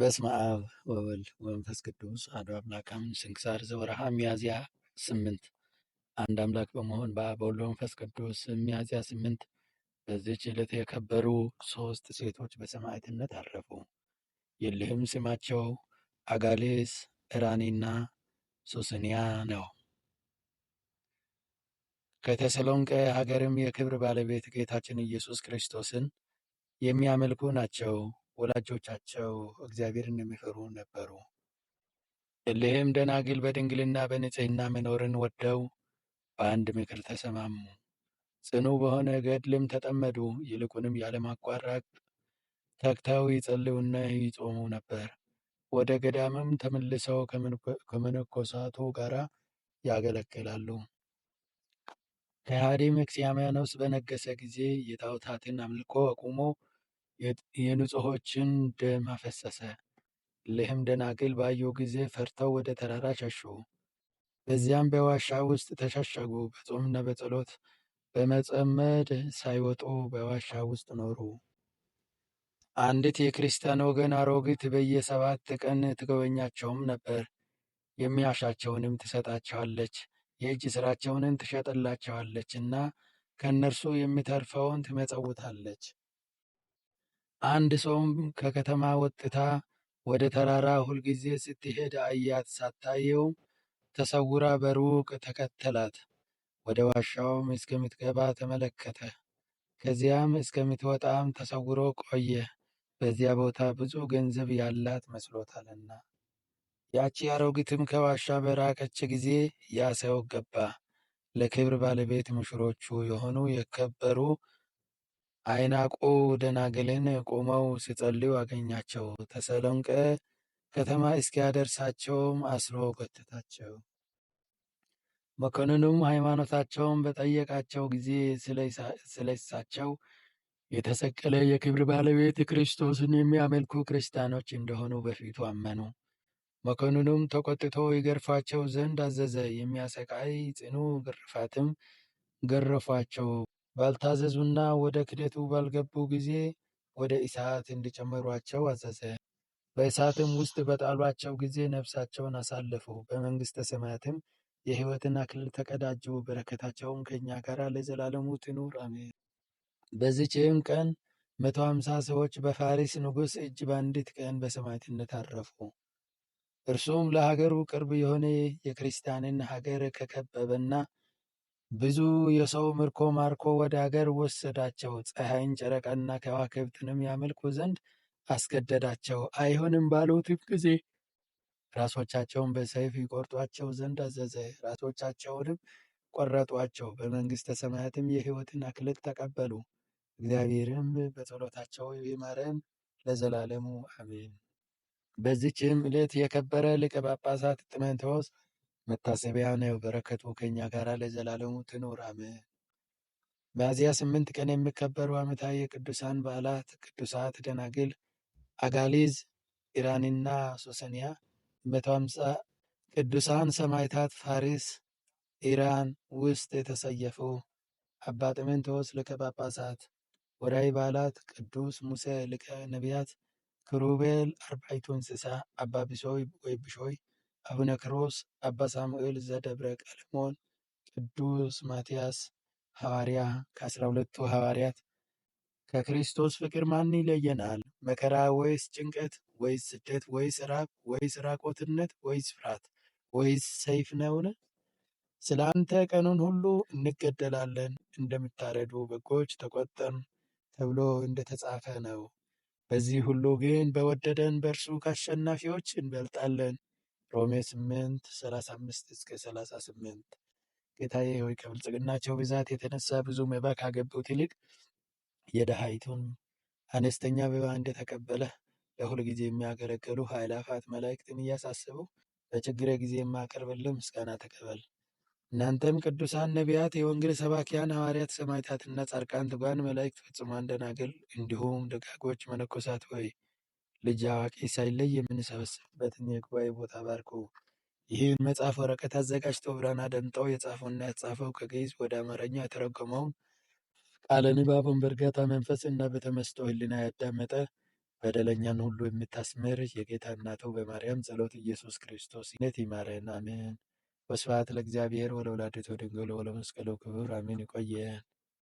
በስመ አብ ወወልድ ወመንፈስ ቅዱስ አሐዱ አምላክ አሜን። ስንክሳር ዘወርኃ ሚያዝያ ስምንት አንድ አምላክ በመሆን በአብ በወልድ በመንፈስ ቅዱስ። ሚያዝያ ስምንት በዚች ዕለት የከበሩ ሶስት ሴቶች በሰማዕትነት አረፉ። የልህም ስማቸው አጋሌስ፣ እራኔና ሱስንያ ነው። ከተሰሎንቄ ሀገርም የክብር ባለቤት ጌታችን ኢየሱስ ክርስቶስን የሚያመልኩ ናቸው። ወላጆቻቸው እግዚአብሔርን የሚፈሩ ነበሩ። እሊህም ደናግል በድንግልና በንጽህና መኖርን ወደው በአንድ ምክር ተሰማሙ። ጽኑ በሆነ ገድልም ተጠመዱ። ይልቁንም ያለማቋረጥ ተግተው ይጸልዩና ይጾሙ ነበር። ወደ ገዳምም ተመልሰው ከመነኮሳቱ ጋር ያገለግላሉ። ከሃዲ መክስያኖስ በነገሰ ጊዜ የጣዖታትን አምልኮ አቁሞ የንጹሖችን ደም አፈሰሰ። ልህም ደናግል ባዩ ጊዜ ፈርተው ወደ ተራራ ሸሹ። በዚያም በዋሻ ውስጥ ተሸሸጉ። በጾምና በጸሎት በመጸመድ ሳይወጡ በዋሻ ውስጥ ኖሩ። አንዲት የክርስቲያን ወገን አሮጊት በየሰባት ቀን ትጎበኛቸውም ነበር። የሚያሻቸውንም ትሰጣቸዋለች፣ የእጅ ስራቸውንን ትሸጥላቸዋለች እና ከእነርሱ የሚተርፈውን ትመጸውታለች። አንድ ሰውም ከከተማ ወጥታ ወደ ተራራ ሁልጊዜ ስትሄድ አያት። ሳታየው ተሰውራ በሩቅ ተከተላት። ወደ ዋሻውም እስከምትገባ ተመለከተ። ከዚያም እስከምትወጣም ተሰውሮ ቆየ። በዚያ ቦታ ብዙ ገንዘብ ያላት መስሎታልና። ያቺ አሮጊትም ከዋሻ በራቀች ጊዜ ያ ሰው ገባ። ለክብር ባለቤት ሙሽሮቹ የሆኑ የከበሩ አይናቁ ደናግልን ቆመው ሲጸልዩ አገኛቸው። ተሰሎንቄ ከተማ እስኪያደርሳቸውም አስሮ ጎተታቸው። መኮንኑም ሃይማኖታቸውን በጠየቃቸው ጊዜ ስለሳቸው የተሰቀለ የክብር ባለቤት ክርስቶስን የሚያመልኩ ክርስቲያኖች እንደሆኑ በፊቱ አመኑ። መኮንኑም ተቆጥቶ ይገርፏቸው ዘንድ አዘዘ። የሚያሰቃይ ጽኑ ግርፋትም ገረፏቸው። ባልታዘዙና ወደ ክደቱ ባልገቡ ጊዜ ወደ እሳት እንዲጨምሯቸው አዘዘ። በእሳትም ውስጥ በጣሏቸው ጊዜ ነፍሳቸውን አሳለፉ። በመንግሥተ ሰማያትም የሕይወትን አክሊል ተቀዳጁ። በረከታቸውም ከእኛ ጋር ለዘላለሙ ትኑር አሜን። በዚችም ቀን መቶ ሀምሳ ሰዎች በፋሪስ ንጉሥ እጅ በአንዲት ቀን በሰማዕትነት አረፉ። እርሱም ለሀገሩ ቅርብ የሆነ የክርስቲያንን ሀገር ከከበበና ብዙ የሰው ምርኮ ማርኮ ወደ አገር ወሰዳቸው። ፀሐይን ጨረቃና ከዋክብትንም ያመልኩ ዘንድ አስገደዳቸው። አይሆንም ባሉትም ጊዜ ራሶቻቸውን በሰይፍ ይቆርጧቸው ዘንድ አዘዘ። ራሶቻቸውንም ቆረጧቸው። በመንግሥተ ሰማያትም የሕይወትን አክሊል ተቀበሉ። እግዚአብሔርም በጸሎታቸው ይማረን ለዘላለሙ አሜን። በዚችም ዕለት የከበረ ሊቀ ጳጳሳት ጢሞቴዎስ መታሰቢያ ነው። በረከቱ ከኛ ጋር ለዘላለሙ ትኑር አሜን። ሚያዝያ ስምንት ቀን የሚከበሩ ዓመታዊ የቅዱሳን በዓላት ቅዱሳት ደናግል አጋሊዝ ኢራንና ሶሰኒያ መቶ ቅዱሳን ሰማይታት ፋሪስ ኢራን ውስጥ የተሰየፉ አባ ጢሞቴዎስ ሊቀ ጳጳሳት። ወርኃዊ በዓላት ቅዱስ ሙሴ ሊቀ ነቢያት፣ ክሩቤል አርባዕቱ እንስሳ፣ አባ ወይ ወይብሾይ አቡነ ክሮስ፣ አባ ሳሙኤል ዘደብረ ቀለሞን፣ ቅዱስ ማትያስ ሐዋርያ ከአስራ ሁለቱ ሐዋርያት። ከክርስቶስ ፍቅር ማን ይለየናል? መከራ ወይስ ጭንቀት ወይስ ስደት ወይስ ራብ ወይስ ራቆትነት ወይስ ፍርሃት ወይስ ሰይፍ ነውን? ስለ አንተ ቀኑን ሁሉ እንገደላለን፣ እንደምታረዱ በጎች ተቆጠም ተብሎ እንደተጻፈ ነው። በዚህ ሁሉ ግን በወደደን በእርሱ ከአሸናፊዎች እንበልጣለን። ሮሜ 8 35 እስከ 38 ጌታዬ ሆይ ከብልጽግናቸው ብዛት የተነሳ ብዙ መባ ካገቡት ይልቅ የደሃይቱን አነስተኛ መባ እንደተቀበለ ለሁል ጊዜ የሚያገለግሉ ኃይላፋት መላእክትን እያሳሰቡ በችግረ ጊዜ የማቀርብልህ ምስጋና ተቀበል። እናንተም ቅዱሳን ነቢያት፣ የወንጌል ሰባኪያን ሐዋርያት፣ ሰማዕታትና ጻድቃን፣ ትጉሃን መላእክት፣ ፍጹማን ደናግል እንዲሁም ደጋጎች መነኮሳት ሆይ ልጅ አዋቂ ሳይለይ የምንሰበስብበት የጉባኤ ቦታ ባርኮ ይህን መጽሐፍ ወረቀት አዘጋጅቶ ብራና ደምጠው የጻፈውና ያጻፈው ከግዕዝ ወደ አማርኛ የተረጎመውም ቃለ ንባቡን በእርጋታ መንፈስ እና በተመስጦ ሕሊና ያዳመጠ በደለኛን ሁሉ የምታስምር የጌታ እናተው በማርያም ጸሎት ኢየሱስ ክርስቶስ ነት ይማረን፣ አሜን። ወስብሐት ለእግዚአብሔር ወለወላዲቱ ድንግል ወለመስቀሉ ክቡር አሜን። ይቆየን።